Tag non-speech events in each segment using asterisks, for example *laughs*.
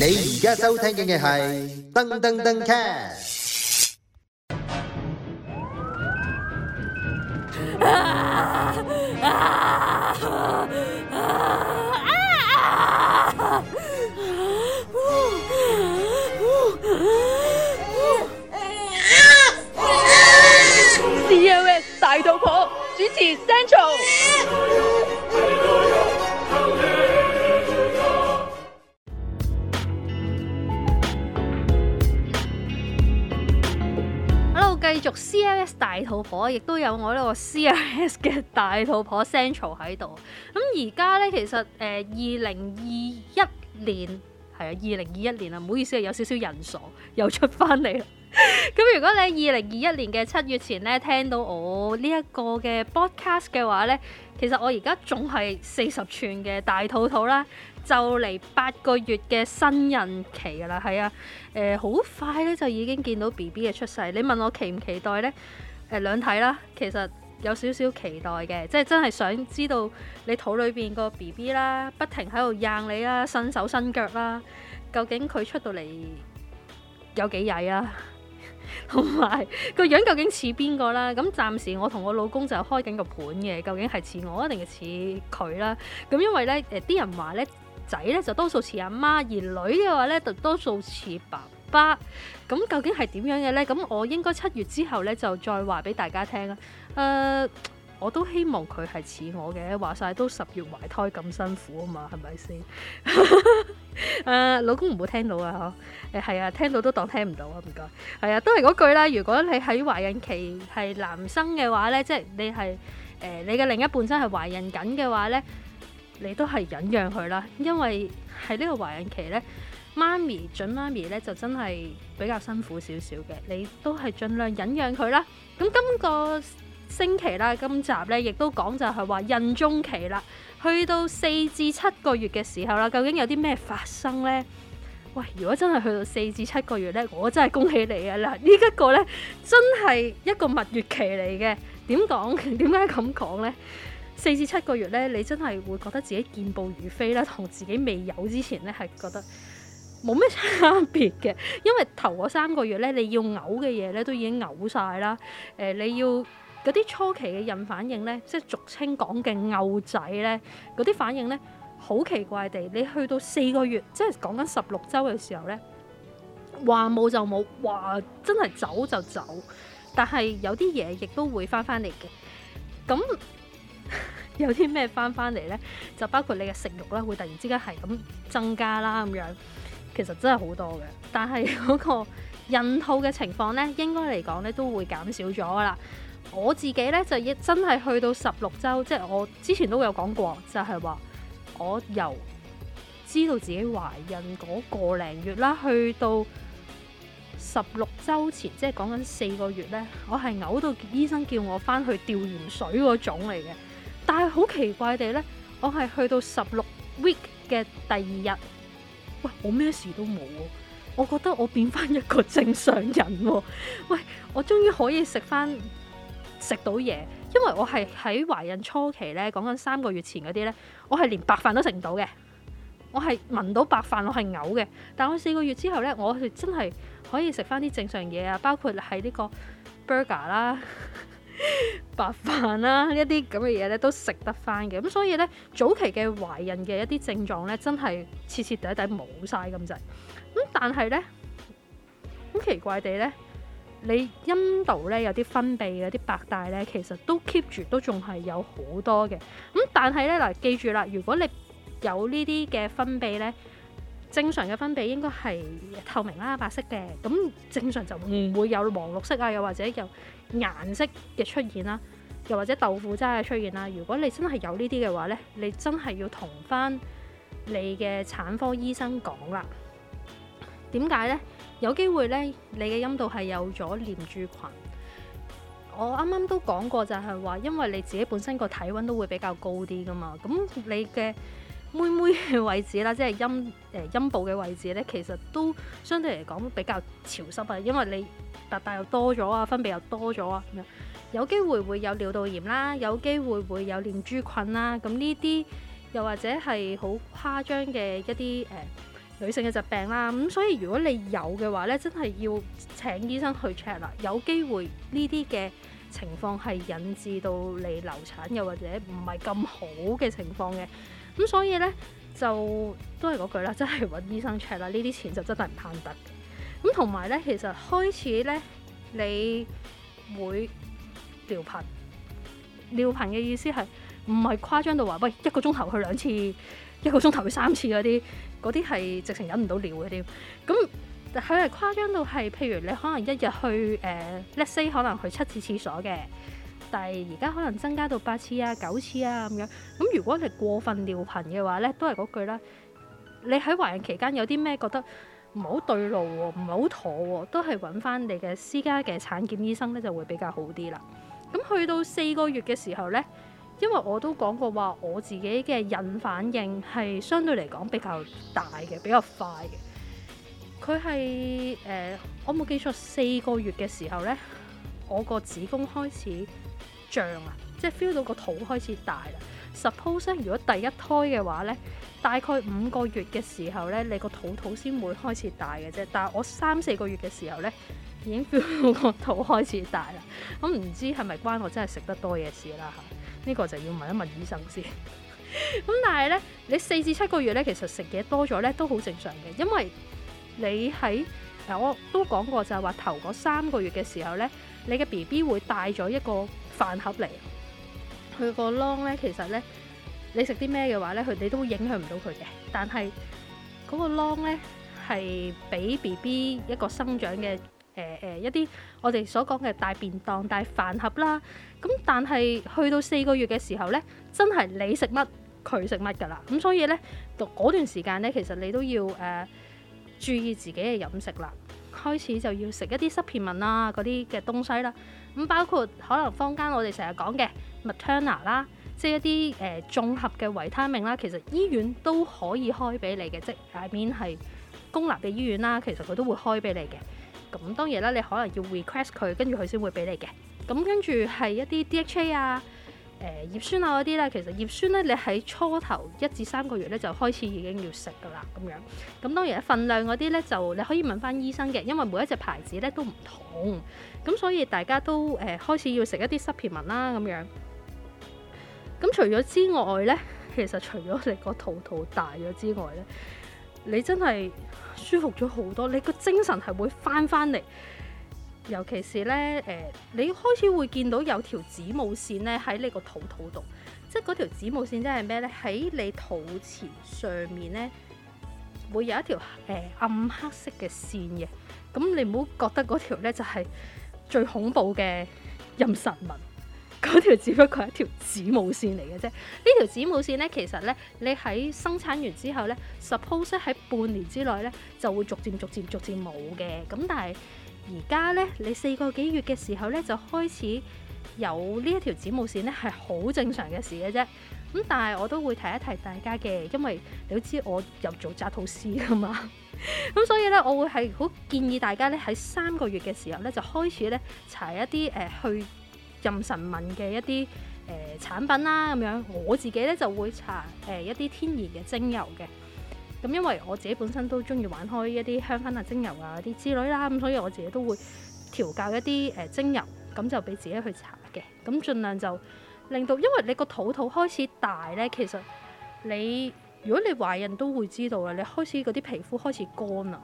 你而家收聽嘅係登登登 cat。COS 大肚婆主持 Central。大肚婆，亦都有我呢個 CRS 嘅大肚婆 Central 喺度。咁而家呢，其實誒二零二一年係啊，二零二一年啊，唔好意思啊，有少少人傻又出翻嚟。咁 *laughs* 如果你喺二零二一年嘅七月前咧，聽到我呢一個嘅 podcast 嘅話呢，其實我而家仲係四十寸嘅大肚肚啦，就嚟八個月嘅身孕期噶啦，係啊，好、呃、快咧就已經見到 B B 嘅出世，你問我期唔期待呢？誒兩睇啦，其實有少少期待嘅，即係真係想知道你肚裏邊個 B B 啦，不停喺度掗你啦，伸手伸腳啦，究竟佢出到嚟有幾曳啊？同埋個樣究竟似邊個啦？咁暫時我同我老公就開緊個盤嘅，究竟係似我定係似佢啦？咁因為咧，誒、呃、啲人話咧仔咧就多數似阿媽，而女嘅話咧就多數似爸爸。咁究竟係點樣嘅咧？咁我應該七月之後咧就再話俾大家聽啦。誒、呃。我都希望佢係似我嘅，話晒都十月懷胎咁辛苦啊嘛，係咪先？誒、 *laughs* 呃，老公唔好聽到啊，嗬，誒、呃、係啊，聽到都當聽唔到啊，唔該。係啊，都係嗰句啦。如果你喺懷孕期係男生嘅話呢，即係你係誒、呃、你嘅另一半真係懷孕緊嘅話呢，你都係忍讓佢啦，因為喺呢個懷孕期呢，媽咪、準媽咪呢就真係比較辛苦少少嘅，你都係盡量忍讓佢啦。咁今、這個。星期啦，今集咧亦都講就係話孕中期啦，去到四至七個月嘅時候啦，究竟有啲咩發生呢？喂，如果真係去到四至七個月呢，我真係恭喜你啊！嗱，呢一個呢，真係一個蜜月期嚟嘅。點講？點解咁講呢？四至七個月呢，你真係會覺得自己健步如飛啦，同自己未有之前呢，係覺得冇咩差別嘅。因為頭嗰三個月呢，你要嘔嘅嘢呢，都已經嘔晒啦。誒、呃，你要。嗰啲初期嘅孕反應呢，即係俗稱講嘅牛仔呢，嗰啲反應呢，好奇怪地，你去到四個月，即係講緊十六週嘅時候呢，話冇就冇，話真係走就走，但係有啲嘢亦都會翻翻嚟嘅。咁 *laughs* 有啲咩翻翻嚟呢？就包括你嘅食慾啦，會突然之間係咁增加啦，咁樣其實真係好多嘅。但係嗰、嗰個。孕吐嘅情況呢，應該嚟講呢都會減少咗噶啦。我自己呢，就真係去到十六周，即係我之前都有講過，就係話我由知道自己懷孕嗰個零月啦，去到十六周前，即係講緊四個月呢，我係嘔到醫生叫我翻去吊鹽水嗰種嚟嘅。但係好奇怪地呢，我係去到十六 week 嘅第二日，喂，我咩事都冇。我覺得我變翻一個正常人喎、哦！喂，我終於可以食翻食到嘢，因為我係喺懷孕初期咧，講緊三個月前嗰啲咧，我係連白飯都食唔到嘅，我係聞到白飯我係嘔嘅。但我四個月之後咧，我真係可以食翻啲正常嘢啊，包括喺呢個 burger 啦、白飯啦這這呢一啲咁嘅嘢咧都食得翻嘅。咁所以咧，早期嘅懷孕嘅一啲症狀咧，真係徹徹底底冇晒咁滯。咁但係咧，好奇怪地咧，你陰道咧有啲分泌有啲白帶咧，其實都 keep 住都仲係有好多嘅。咁但係咧，嗱，記住啦，如果你有呢啲嘅分泌咧，正常嘅分泌應該係透明啦、啊、白色嘅。咁正常就唔會有黃綠色啊，又或者有顏色嘅出現啦、啊，又或者豆腐渣嘅出現啦、啊。如果你真係有呢啲嘅話咧，你真係要同翻你嘅產科醫生講啦。點解呢？有機會呢，你嘅陰道係有咗念珠菌。我啱啱都講過，就係話，因為你自己本身個體溫都會比較高啲噶嘛，咁你嘅妹妹嘅位置啦，即係陰誒陰部嘅位置呢，其實都相對嚟講比較潮濕啊，因為你大大又多咗啊，分泌又多咗啊，咁樣有機會會有尿道炎啦，有機會會有念珠菌啦，咁呢啲又或者係好誇張嘅一啲誒。呃女性嘅疾病啦，咁、嗯、所以如果你有嘅話咧，真係要請醫生去 check 啦。有機會呢啲嘅情況係引致到你流產，又或者唔係咁好嘅情況嘅。咁、嗯、所以咧就都係嗰句啦，真係揾醫生 check 啦。呢啲錢就真係唔貪得。咁同埋咧，其實開始咧你會尿頻，尿頻嘅意思係唔係誇張到話喂，一個鐘頭去兩次？一個鐘頭去三次嗰啲，嗰啲係直情忍唔到尿嘅添。咁佢係誇張到係，譬如你可能一日去誒、呃、let’s say 可能去七次廁所嘅，但係而家可能增加到八次啊、九次啊咁樣。咁如果係過分尿頻嘅話咧，都係嗰句啦。你喺懷孕期間有啲咩覺得唔好對路喎、啊，唔好妥喎、啊，都係揾翻你嘅私家嘅產檢醫生咧，就會比較好啲啦。咁去到四個月嘅時候咧。因為我都講過話，我自己嘅孕反應係相對嚟講比較大嘅，比較快嘅。佢係誒，我冇記錯，四個月嘅時候呢，我個子宮開始脹啊，即係 feel 到個肚開始大啦。Suppose 如果第一胎嘅話呢，大概五個月嘅時候呢，你個肚肚先會開始大嘅啫。但係我三四個月嘅時候呢，已經 feel 到個肚開始大啦。咁唔知係咪關我真係食得多嘢事啦？呢個就要問一問醫生先。咁 *laughs* 但係咧，你四至七個月咧，其實食嘢多咗咧都好正常嘅，因為你喺，嗱我都講過就係話頭嗰三個月嘅時候咧，你嘅 B B 會帶咗一個飯盒嚟，佢個窿咧其實咧，你食啲咩嘅話咧，佢哋都影響唔到佢嘅。但係嗰個窿咧係俾 B B 一個生長嘅。誒誒、呃、一啲我哋所講嘅大便當、大飯盒啦，咁但係去到四個月嘅時候咧，真係你食乜佢食乜噶啦，咁所以咧，嗰段時間咧，其實你都要誒、呃、注意自己嘅飲食啦，開始就要食一啲濕片文啦嗰啲嘅東西啦，咁包括可能坊間我哋成日講嘅 Materna 啦，即係一啲誒綜合嘅維他命啦，其實醫院都可以開俾你嘅，即係外面係公立嘅醫院啦，其實佢都會開俾你嘅。咁當然啦，你可能要 request 佢，跟住佢先會俾你嘅。咁跟住係一啲 DHA 啊、誒、呃、葉酸啊嗰啲咧，其實葉酸咧，你喺初頭一至三個月咧就開始已經要食噶啦，咁樣。咁當然份量嗰啲咧就你可以問翻醫生嘅，因為每一隻牌子咧都唔同。咁所以大家都誒、呃、開始要食一啲濕皮文啦，咁樣。咁除咗之外咧，其實除咗你個肚肚大咗之外咧。你真係舒服咗好多，你個精神係會翻翻嚟，尤其是咧誒、呃，你開始會見到有條子母線咧喺你個肚肚度，即係嗰條子母線呢子即係咩咧？喺你肚臍上面咧，會有一條誒、呃、暗黑色嘅線嘅，咁你唔好覺得嗰條咧就係、是、最恐怖嘅妊娠紋。嗰條只不過係一條子母線嚟嘅啫，呢條子母線呢，其實呢，你喺生產完之後呢，suppose 喺半年之內呢，就會逐漸逐漸逐漸冇嘅，咁但係而家呢，你四個幾月嘅時候呢，就開始有呢一條子母線呢，係好正常嘅事嘅啫。咁但係我都會提一提大家嘅，因為你都知我又做紮肚師噶嘛，咁 *laughs* 所以呢，我會係好建議大家呢，喺三個月嘅時候呢，就開始呢，查一啲誒、呃、去。任神問嘅一啲誒、呃、產品啦，咁樣我自己咧就會搽誒、呃、一啲天然嘅精油嘅。咁因為我自己本身都中意玩開一啲香薰啊、精油啊啲之類啦，咁所以我自己都會調教一啲誒、呃、精油，咁就俾自己去搽嘅。咁儘量就令到，因為你個肚肚開始大咧，其實你如果你懷孕都會知道啦，你開始嗰啲皮膚開始乾啦。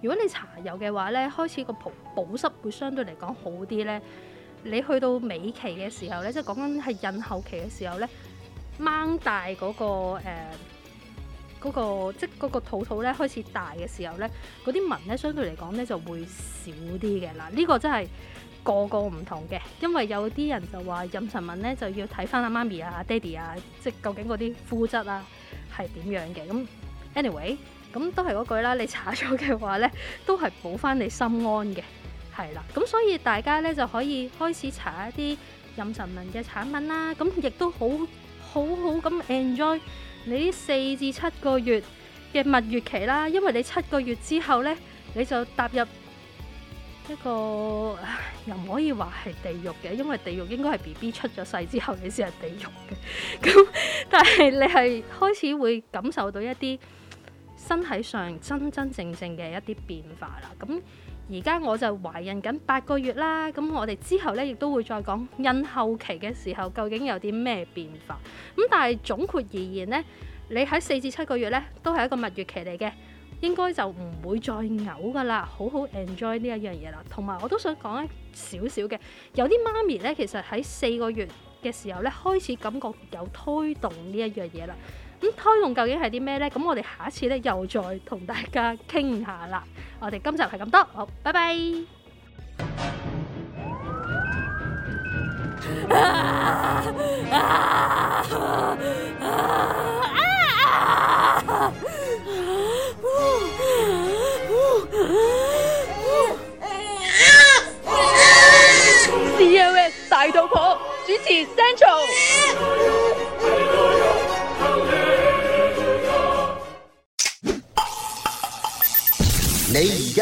如果你搽油嘅話咧，開始個保保濕會相對嚟講好啲咧。你去到尾期嘅時候咧，即係講緊係孕後期嘅時候咧，掹大嗰、那個誒、呃那個、即係嗰個肚肚咧開始大嘅時候咧，嗰啲紋咧相對嚟講咧就會少啲嘅啦。呢、這個真係個個唔同嘅，因為有啲人就話妊娠紋咧就要睇翻阿媽咪啊、爹哋啊，即係究竟嗰啲膚質啊係點樣嘅。咁 anyway，咁都係嗰句啦，你搽咗嘅話咧，都係補翻你心安嘅。係啦，咁所以大家呢就可以開始查一啲妊娠紋嘅產品啦，咁亦都好好好咁 enjoy 你呢四至七個月嘅蜜月期啦，因為你七個月之後呢，你就踏入一個又唔可以話係地獄嘅，因為地獄應該係 BB 出咗世之後你先係地獄嘅，咁但係你係開始會感受到一啲身體上真真正正嘅一啲變化啦，咁。而家我就懷孕緊八個月啦，咁我哋之後呢亦都會再講孕後期嘅時候究竟有啲咩變化。咁但係總括而言呢，你喺四至七個月呢，都係一個蜜月期嚟嘅，應該就唔會再嘔㗎啦，好好 enjoy 呢一樣嘢啦。同埋我都想講一少少嘅，有啲媽咪呢，其實喺四個月嘅時候呢，開始感覺有推動呢一樣嘢啦。咁胎動究竟係啲咩咧？咁我哋下一次咧又再同大家傾下啦。我哋今集係咁多，好，拜拜。